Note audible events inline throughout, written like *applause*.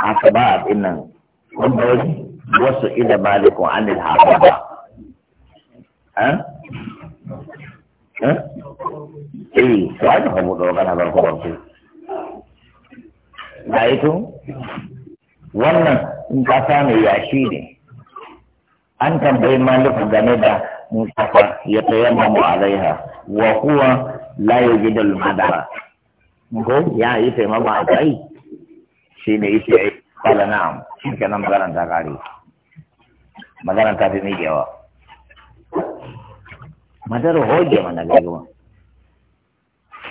haka ba a dinnan wanda wasu ila malikun an da haka ba eh wani kuma dogana ban kuma ku na ito wannan in ka samu yashi ne an tambayi malikun game da musafa ya tayammamu alaiha wa kuwa la gidan madara ko ya yi taimama a kai shi ne yake kala na'am shi kenan maganan ta kare maganar ta fi miƙewa matar hoge mana gaggawa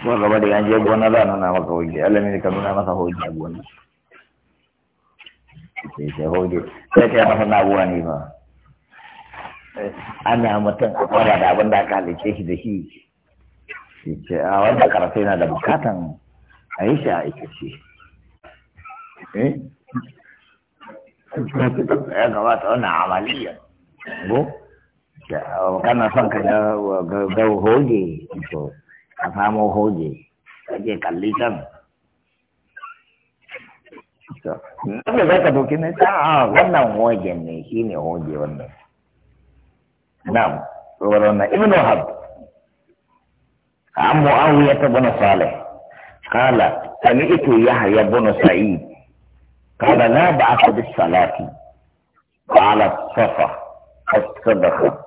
ko gaba da yanzu ya gona za a nuna maka hoge alamin ka nuna masa hoge a gona sai sai hoge sai ta yi masa nabuwa ne ba ana mutum a kwada da abin da aka halice shi da shi shi ce a wanda karfe yana da bukatan a yi shi a aikace eh ya gabata wannan amaliya go kana son ka ga hoge to ka samo hoge kaje kalli can Nabi za ka doki ne ta wannan hogen ne shi ne hoge wannan. Na'am, tsoron wannan Ibn Wahab. An Mu'awiyah ta bin Salih. Kala, sami ito Yahya bin Sa'id قال لا بعث بالصلاة قال الصفا الصدقة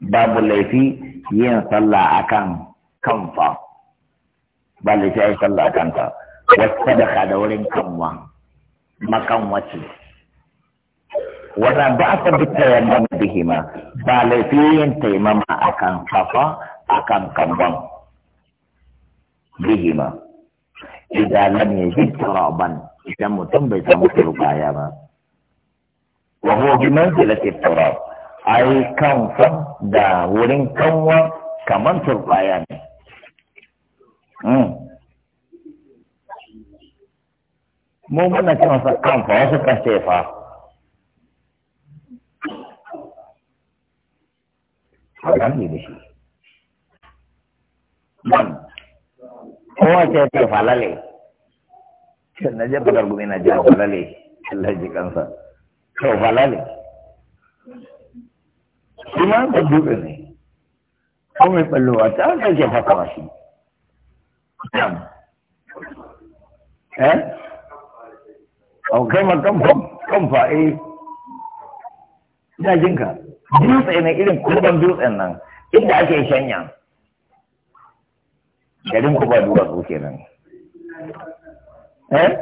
باب اللي في الذي ينصلى أكان كنفا بل شيء صلى أكانتا والصدقة دولين كنوا مكان وشي ولا بعث بالتيمم بهما بل في ين تيمم أكان صفا أكان كنوا بهما idan lam yajid turaban idan mutum bai samu turbaya ba wa huwa bi manzilati turab ai kanfa da wurin kanwa kaman turbaya ne hmm. mu muna cewa kanfa wasu fa? ta ce falale na je bakar gumi na ja falale Allah ji kansa to falale shi ma ba dube ne ko mai ballowa ta ta ce fatawa shi eh au kai ma kan kan fa eh ina jinka dutse ne irin kurban dutsen nan inda ake shanya garin ku ba duwatsu kenan eh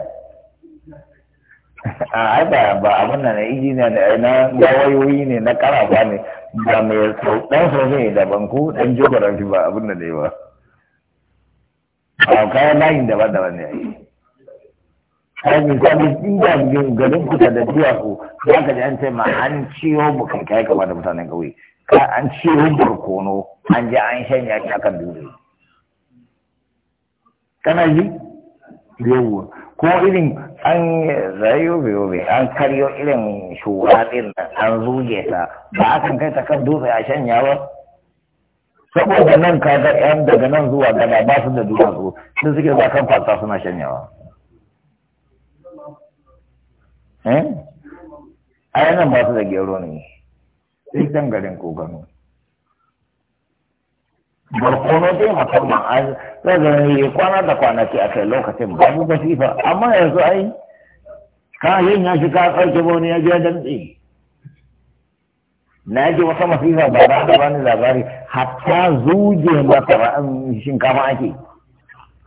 a *laughs* ah, ba ba abin nan na injiniya ne na wayoyi ne na karafa ne ba mai sau ɗan sau ne daban ku ɗan dan geography ba abin nan ne ba a kayan layin daban-daban ne ai misali inda garin kuta da duwatsu za ka ji an ce ma an ciwo bukan kai kama da mutanen kauye, ka an ciwo barkono an je an shanya shi akan duniya kana ji yawwa ko irin an rayo yobe an karyo irin shura din nan an zuge ta ba a kan kai ta kan dutse a shanya ba saboda nan ka ga yan daga nan zuwa gada ba su da su sun suke ba kan fata suna shanyawa eh a yanan ba su da gero ne sai garin ko gano barkono dai musamman a zai yi kwana da kwanaki a kai lokacin ba masifa amma yanzu ai kayan ya shi ka tsarki wani ya da dantse na ji wata masifa ba za ta bani labari hatta zuje masara shinkafa ake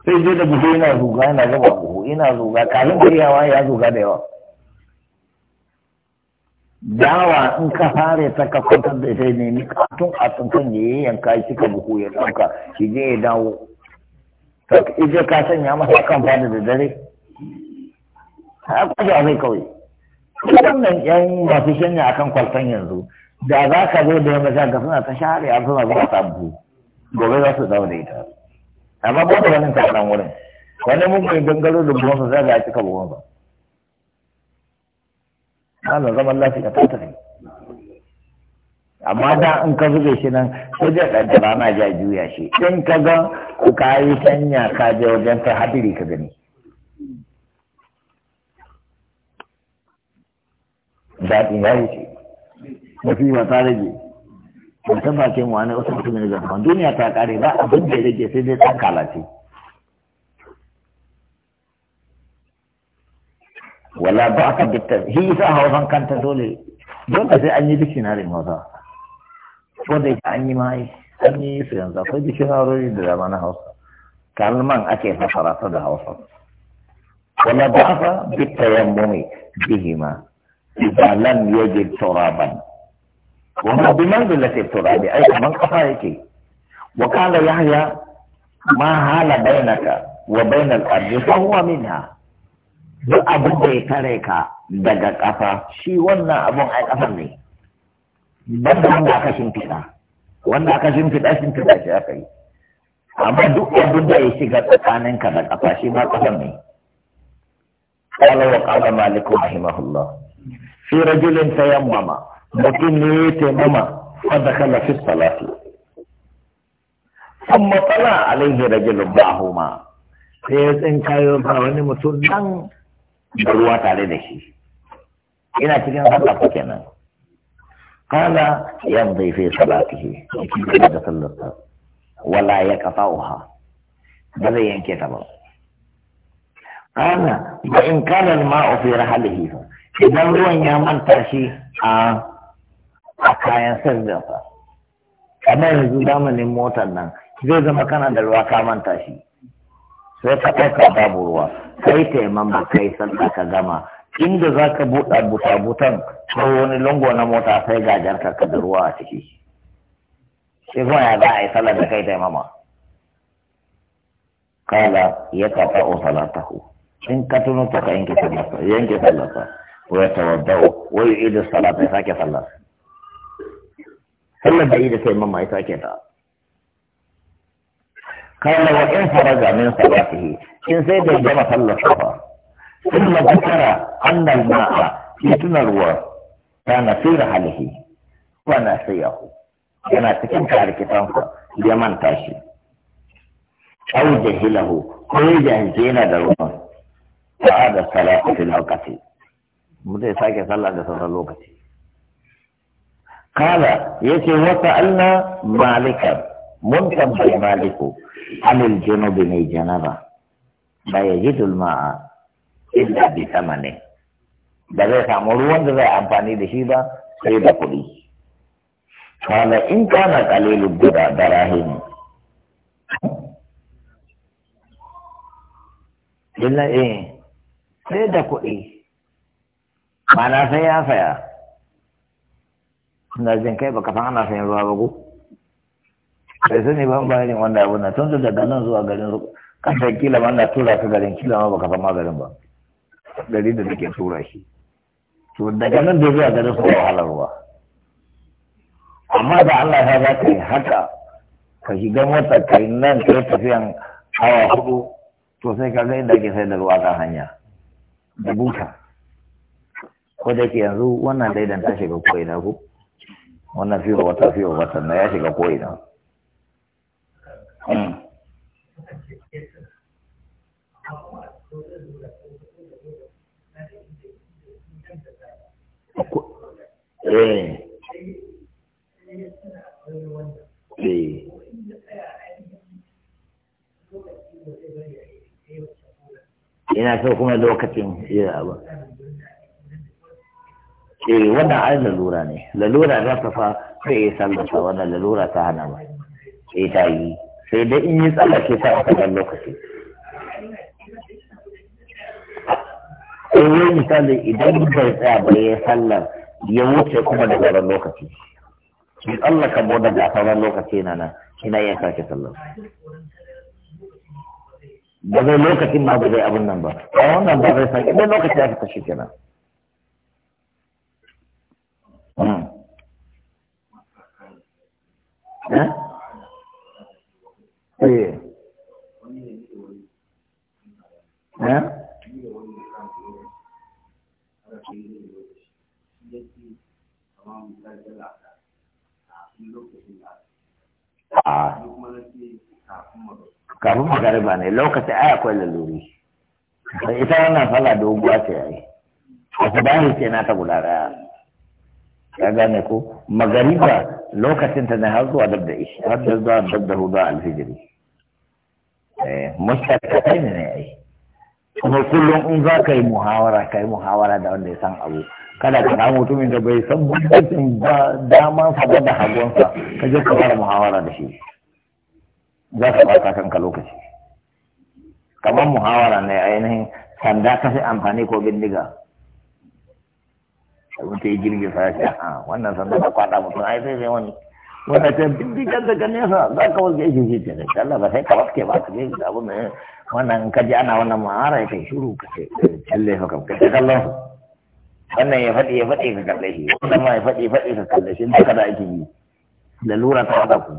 sai je da buhu yana zuga yana zuba buhu yana zuga kalin karyawa ya zuga da yawa dawa in ka fare ta ka kwantar da ita ne tun a tsinkan ya yi yanka shi ka buhu ya tsanka shi je ya dawo ije ka sanya masa kan fada da dare a kwaje a zai kawai wannan yan masu shanya akan kwaltan yanzu da za ka zo da yamma ga suna ta share a suna zuwa sabu gobe za su dawo da ita amma ba ta wani ta wurin wani mun kai dangaro da buwansa za ga cika buwansa ana zaman lafiya ta tafi amma da in ka zuge shi nan sai da ɗan rana ja juya shi in ka ga ka yi sanya ka je wajen ta hadiri ka gani daɗin ya wuce mafi ba ta rage mutum ba ke wani wasu mutumin da duniya ta ƙare ba abin da ya rage sai dai ta kalace wala ba ka bitta shi isa hausan kanta dole Dole sai an yi dictionary hausa ko da an yi mai an yi su yanzu akwai dictionary da dama na hausa kalman ake fasara ta da hausa wala ba ka bitta yammumi bihima idan lam yajid turaban wannan bimanzilati turabi ai kaman kafa yake wa qala yahya ma hala bainaka wa bainal ardi fa huwa minha duk abin da ya kare ka daga ƙasa shi wannan abin a ƙasar ne ban da wanda aka shimfiɗa wanda aka shimfiɗa shimfiɗa shi aka yi amma duk abin da ya shiga ka da ƙasa shi ma ƙasar ne قال وقال مالك رحمه الله في رجل تيمم mutum ne ya taimama wadda kala fi salatu sun matsala alaihi rajulun ba'ahuma sai ya yau ba wani mutum nan da ruwa tare da shi ina cikin sallah ko kenan kana yamdi fi shi yake da sallarsa wala ya uha ba zai yanke ta ba kana ba in kana ma mau fi fa idan ruwan ya manta shi a a kayan sirrinsa kamar yanzu zamanin motar nan zai zama kana da ruwa ka manta shi sai ka ɗauka babu ruwa kai taiman ba kai sallah ka gama inda za ka buɗa buta-butan ko wani lungo na mota sai gajar ka da ruwa a ciki sai kuma ya za a yi sallah da kai taimama kala ya kafa o salatahu in ka tuno ta ka yanke sallata yanke sallata wa ya tawaddau wa idin salata ya sake sallar sallar da yi da taimama ya sake ta قال وإن فرج من صلاته إن سيد الجمع صلى الصفا ثم ذكر أن الماء في تنروى كان في رحله ونسيه yana cikin karkitansa ya manta shi au hilahu, ko ya jahilce da ruwan ba da salatu fil waqti mutai sake sallar da sauran lokaci kala yace wata Allah malikan mun tambayi maliku anil junubi janaba ba ya ji dulma'a illa bi sama ne da zai samu ruwan da zai amfani da shi ba sai da kuɗi kala in kana kalilu guda da rahimi illa eh sai da kuɗi sai ya saya kai baka ana sayan ruwa sai sani ban bayani wanda abu na tun daga nan zuwa garin zuwa, kasar kila ma na tura ka garin kila ma baka fama garin ba gari da nake tura shi to daga nan da zuwa garin su wahalar ruwa amma da Allah ya za ka haka ka shiga mota ka yi nan ka yi tafiyan hawa hudu to sai ka ga inda ke sai da ruwa kan hanya da buta ko da ke yanzu wannan daidan ta shiga ina ko wannan fiye wata fiye wata na ya shiga ina Ah. Eh. eh. Ina so kuma lokacin iya abu. Eh wannan ai lalura ne. Lalura za ta fa sai ya sallata wannan lalura ta hana ba. Eh ta yi. sai dai in yi tsallake ta a kan lokaci sai misali idan bai tsaya ba ya sallar ya wuce kuma da sauran lokaci Shi Allah ka bude da sauran lokaci na nan ina yin sake sallar ba zai lokacin ma ba zai abin nan ba a wannan ba zai sake idan lokaci ya fita shi kenan Huh? Hmm. Eh? eh eh ah. kafin magariba ne lokaci ai akwai laluri sai ita wannan fala doguwa ce ai wasu bani ce na ta guda daya ya gane ko magariba lokacin ta ne har zuwa dab da ishi har zuwa dab da hudu alfijiri Eh, mashakatai ne ya yi. kuma kullum in za ka yi muhawara ka yi muhawara da wanda ya san abu kada ka damu mutumin da bai san bambancin ba dama sa da hagunsa ka je ka fara muhawara da shi za ka ɓata kanka lokaci kamar muhawara ne ainihin sanda ka fi amfani ko bindiga abin ta yi girgin ya a wannan sanda ta kwada mutum ai sai sai wani wanda ta bindigar daga nesa za ka wasu yake shi ce da Allah ba sai ka waske ba ka gani da abin nan wannan ka ji ana wannan ma'ara ya kai shiru ka ce talle eh, ka ka ta kallon su wannan ya faɗi ya faɗi ka kalle shi wannan ma ya faɗi ya faɗi ka kalle shi duka da ake yi Lalura lura ta haɗa ku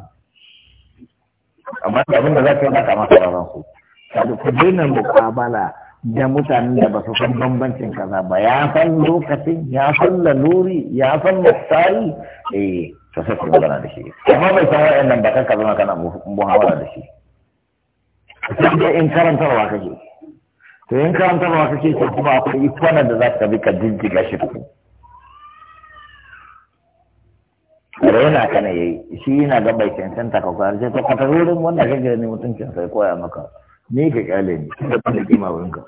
amma abin da za ka yi ba ka masa ba ku kada ku daina muƙabala da mutanen da ba su san bambancin kaza ba ya san lokacin ya san laluri ya san mutsari eh to sai ku magana da shi amma bai san nan ba kanka zama kana muhawara da shi sai in karanta karantarwa kake to in karanta karantarwa kake to kuma akwai ikona da za ka bi ka jijjiga shi tukun raina ka ne shi yana ga bai cancanta ka kwayar sai to ka ta wurin wanda ka gani mutuncin sai koya maka ni ka kyale ni da ban da kima wurinka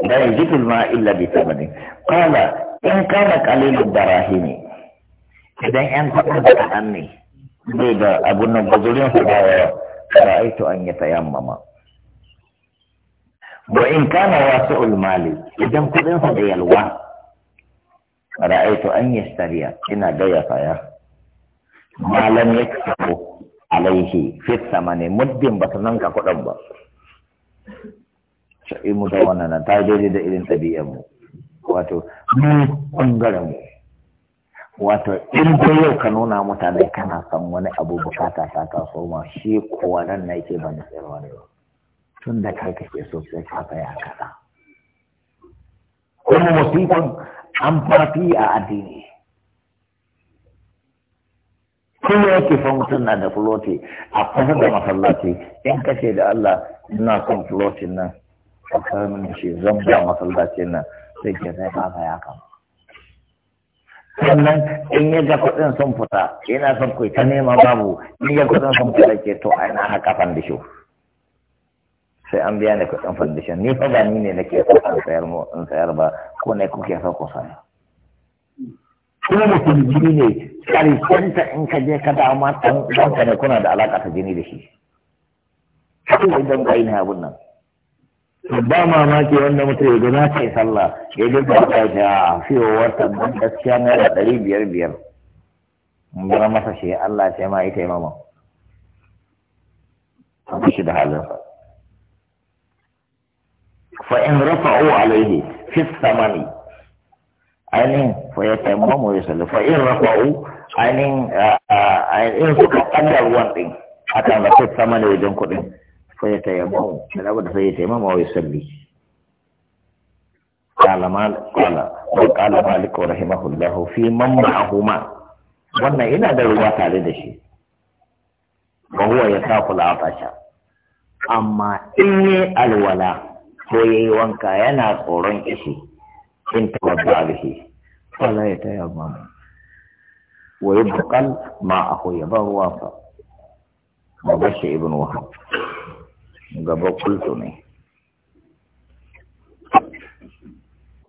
لا يجد الماء إلا بثمنه قال in kana kalilin barahimi idan yan kuɗin da kaɗan ne bai da abun nan guzurin su ba yawa aito an yi tayammama wa in kana wasu ulmali idan kuɗin su da yalwa aito an yi stariya ina gaya saya malam ya kasu alaihi fit sama ne muddin ba su ka kuɗin ba sha'i mu ta wannan ta daidai da irin ɗabi'an mu wato mu ɓangaren mu wato in ko yau ka nuna mutane kana son wani abu bukata ta taso ma shi kuwa nan na yake ban sayarwa ne ba tun da kai ka ke so sai ka tsaya kaza kuma musifan an fafi a addini kuma yake fa mutum na da floti a kusa da masallaci in ce da Allah ina son flotin nan ka kawo shi zan ba masallacin nan sai ke sai kasa ya kama sannan in ya ga kuɗin sun fita yana son kai ta neman babu in ya kudin sun fita ke to a ina haka fandisho sai an biya ne kudin fandisho ni fa ba ni ne nake so an sayar mu in sayar ba ko ne kuke so ku sayar kuma mutum jini ne karshenta in ka je ka dama ɗan ɗanka ne kuna da alaƙa ta jini da shi. Kuma idan ka yi ne abun nan. ba mamaki wanda mutum ya gana kai sallah ya ji ba ta ta fiyowar tabbin gaskiya naira ɗari biyar biyar mura masa shi Allah sai ma ita taimama. shi da halin fa in rafa'u alaihi fi samani ainihin fa ya taimamu ya sallu fa in rafa'u ainihin in suka ƙaddar ruwan ɗin akan rafa'u samani wajen kuɗin فيتيمم بد فيتيمم يصلي قال مال قال وقال مالك رحمه الله في من معهما وانا انا دلوات على دشي وهو يخاف العطش اما اني الولا هو يوان كاينا قرن اشي انت وضعه فلا يتيمم ويبقى ما wa yubqal ma ahu yabahu gaba kultu ne